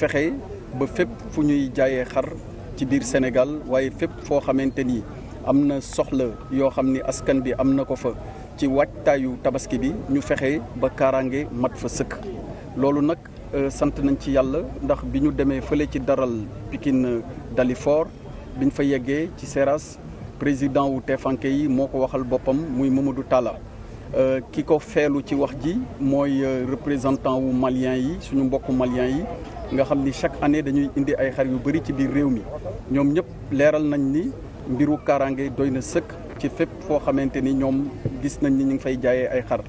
fexe ba fépp fu ñuy jaayee xar ci biir Sénégal waaye fépp foo xamante ni am na soxla yoo xam ni askan bi am na ko fa ci waajtaayu tabaski bi ñu fexe ba kaaraange mat fa sëkk loolu nag euh, sant nañ ci yàlla ndax bi ñu demee fële ci daral Pikine Dalifort biñ fa yeggee ci Seras président wu teefanke yi moo ko waxal boppam muy du Talla Euh, ki ko feelu ci wax ji mooy euh, représentant wu malien yi suñu mbokku malien yi nga xam ni chaque année dañuy indi ay xar yu bëri ci biir réew mi ñoom ñëpp leeral nañ ni mbiru kaaraange doy na sëkk ci fépp foo xamante ni ñoom gis nañ ni ñu ngi fay jaayee ay xar